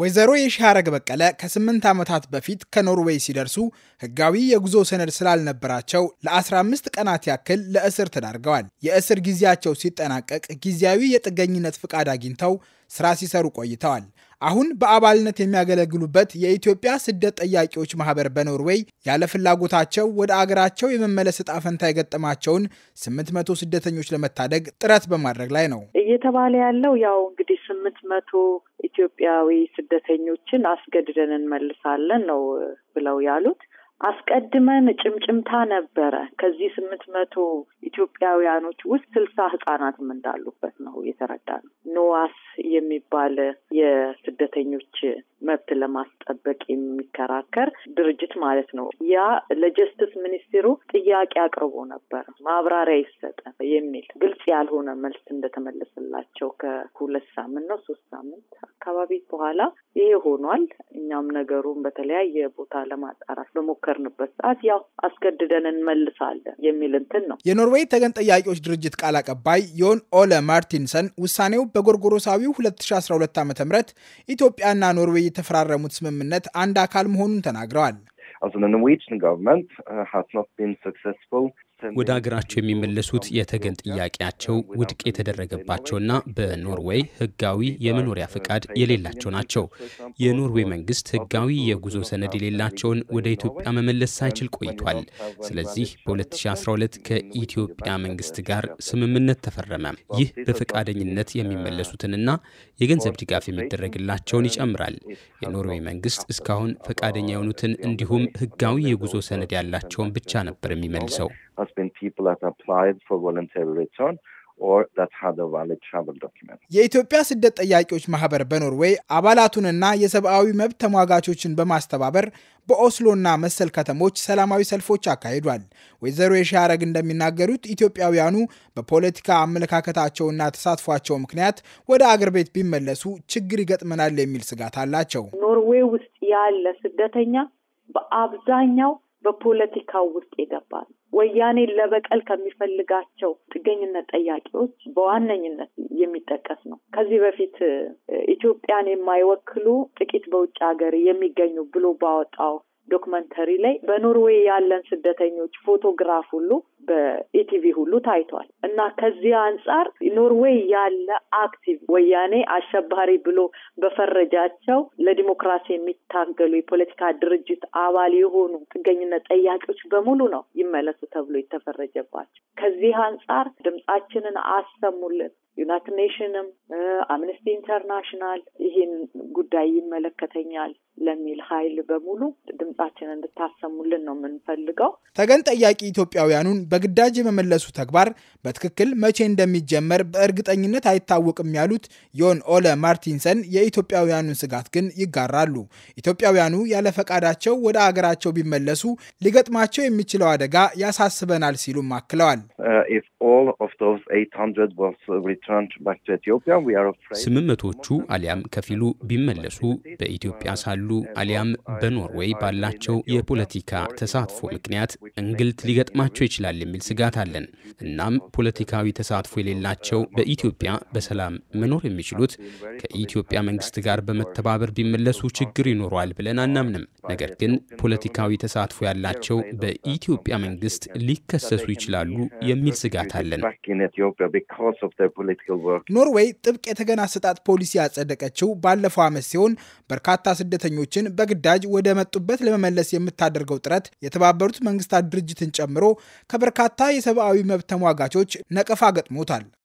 ወይዘሮ የሺሃረግ በቀለ ከስምንት ዓመታት በፊት ከኖርዌይ ሲደርሱ ሕጋዊ የጉዞ ሰነድ ስላልነበራቸው ለ15 ቀናት ያክል ለእስር ተዳርገዋል። የእስር ጊዜያቸው ሲጠናቀቅ ጊዜያዊ የጥገኝነት ፍቃድ አግኝተው ስራ ሲሰሩ ቆይተዋል። አሁን በአባልነት የሚያገለግሉበት የኢትዮጵያ ስደት ጠያቂዎች ማህበር በኖርዌይ ያለ ፍላጎታቸው ወደ አገራቸው የመመለስ ዕጣ ፈንታ የገጠማቸውን ስምንት መቶ ስደተኞች ለመታደግ ጥረት በማድረግ ላይ ነው። እየተባለ ያለው ያው እንግዲህ ስምንት መቶ ኢትዮጵያዊ ስደተኞችን አስገድደን እንመልሳለን ነው ብለው ያሉት። አስቀድመን ጭምጭምታ ነበረ። ከዚህ ስምንት መቶ ኢትዮጵያውያኖች ውስጥ ስልሳ ህጻናትም እንዳሉበት ነው የተረዳ ነው። ኖዋስ የሚባል የስደተኞች መብት ለማስጠበቅ የሚከራከር ድርጅት ማለት ነው። ያ ለጀስትስ ሚኒስቴሩ ጥያቄ አቅርቦ ነበር፣ ማብራሪያ ይሰጠ የሚል ግልጽ ያልሆነ መልስ እንደተመለሰላቸው ከሁለት ሳምንት ነው ሶስት ሳምንት አካባቢ በኋላ ይሄ ሆኗል። እኛም ነገሩን በተለያየ ቦታ ለማጣራት በሞከርንበት ሰዓት ያው አስገድደን እንመልሳለን የሚል እንትን ነው። የኖርዌይ ተገን ጠያቂዎች ድርጅት ቃል አቀባይ ዮን ኦለ ማርቲንሰን ውሳኔው በጎርጎሮሳዊው 2012 ዓ ም ኢትዮጵያና ኖርዌይ የተፈራረሙት ስምምነት አንድ አካል መሆኑን ተናግረዋል። ወደ አገራቸው የሚመለሱት የተገን ጥያቄያቸው ውድቅ የተደረገባቸውና በኖርዌይ ህጋዊ የመኖሪያ ፍቃድ የሌላቸው ናቸው። የኖርዌይ መንግስት ህጋዊ የጉዞ ሰነድ የሌላቸውን ወደ ኢትዮጵያ መመለስ ሳይችል ቆይቷል። ስለዚህ በ2012 ከኢትዮጵያ መንግስት ጋር ስምምነት ተፈረመ። ይህ በፈቃደኝነት የሚመለሱትንና የገንዘብ ድጋፍ የሚደረግላቸውን ይጨምራል። የኖርዌይ መንግስት እስካሁን ፈቃደኛ የሆኑትን እንዲሁም ህጋዊ የጉዞ ሰነድ ያላቸውን ብቻ ነበር የሚመልሰው። been people that applied for voluntary return የኢትዮጵያ ስደት ጠያቂዎች ማህበር በኖርዌይ አባላቱንና የሰብአዊ መብት ተሟጋቾችን በማስተባበር በኦስሎና መሰል ከተሞች ሰላማዊ ሰልፎች አካሂዷል። ወይዘሮ የሻረግ እንደሚናገሩት ኢትዮጵያውያኑ በፖለቲካ አመለካከታቸውና ተሳትፏቸው ምክንያት ወደ አገር ቤት ቢመለሱ ችግር ይገጥመናል የሚል ስጋት አላቸው። ኖርዌይ ውስጥ ያለ ስደተኛ በአብዛኛው በፖለቲካው ውስጥ ይገባል። ወያኔን ለበቀል ከሚፈልጋቸው ጥገኝነት ጠያቂዎች በዋነኝነት የሚጠቀስ ነው። ከዚህ በፊት ኢትዮጵያን የማይወክሉ ጥቂት በውጭ ሀገር የሚገኙ ብሎ ባወጣው ዶክመንተሪ ላይ በኖርዌይ ያለን ስደተኞች ፎቶግራፍ ሁሉ በኢቲቪ ሁሉ ታይቷል እና ከዚህ አንጻር ኖርዌይ ያለ አክቲቭ ወያኔ አሸባሪ ብሎ በፈረጃቸው ለዲሞክራሲ የሚታገሉ የፖለቲካ ድርጅት አባል የሆኑ ጥገኝነት ጠያቂዎች በሙሉ ነው ይመለሱ ተብሎ የተፈረጀባቸው። ከዚህ አንጻር ድምጻችንን አሰሙልን ዩናይትድ ኔሽንም አምነስቲ ኢንተርናሽናል ይህን ጉዳይ ይመለከተኛል ለሚል ኃይል በሙሉ ድምጻችን እንድታሰሙልን ነው የምንፈልገው። ተገን ጠያቂ ኢትዮጵያውያኑን በግዳጅ የመመለሱ ተግባር በትክክል መቼ እንደሚጀመር በእርግጠኝነት አይታወቅም ያሉት ዮን ኦለ ማርቲንሰን የኢትዮጵያውያኑን ስጋት ግን ይጋራሉ። ኢትዮጵያውያኑ ያለ ፈቃዳቸው ወደ አገራቸው ቢመለሱ ሊገጥማቸው የሚችለው አደጋ ያሳስበናል ሲሉም አክለዋል። ስምምነቶቹ አሊያም ከፊሉ ቢመለሱ በኢትዮጵያ ሳሉ አሊያም በኖርዌይ ባላቸው የፖለቲካ ተሳትፎ ምክንያት እንግልት ሊገጥማቸው ይችላል የሚል ስጋት አለን። እናም ፖለቲካዊ ተሳትፎ የሌላቸው በኢትዮጵያ በሰላም መኖር የሚችሉት ከኢትዮጵያ መንግስት ጋር በመተባበር ቢመለሱ ችግር ይኖረዋል ብለን አናምንም። ነገር ግን ፖለቲካዊ ተሳትፎ ያላቸው በኢትዮጵያ መንግስት ሊከሰሱ ይችላሉ የሚል ስጋት አለን። ኖርዌይ ጥብቅ የተገና አሰጣጥ ፖሊሲ ያጸደቀችው ባለፈው ዓመት ሲሆን በርካታ ስደተኞችን በግዳጅ ወደ መጡበት ለመመለስ የምታደርገው ጥረት የተባበሩት መንግስታት ድርጅትን ጨምሮ ከበርካታ የሰብአዊ መብት ተሟጋቾች ነቀፋ ገጥሞታል።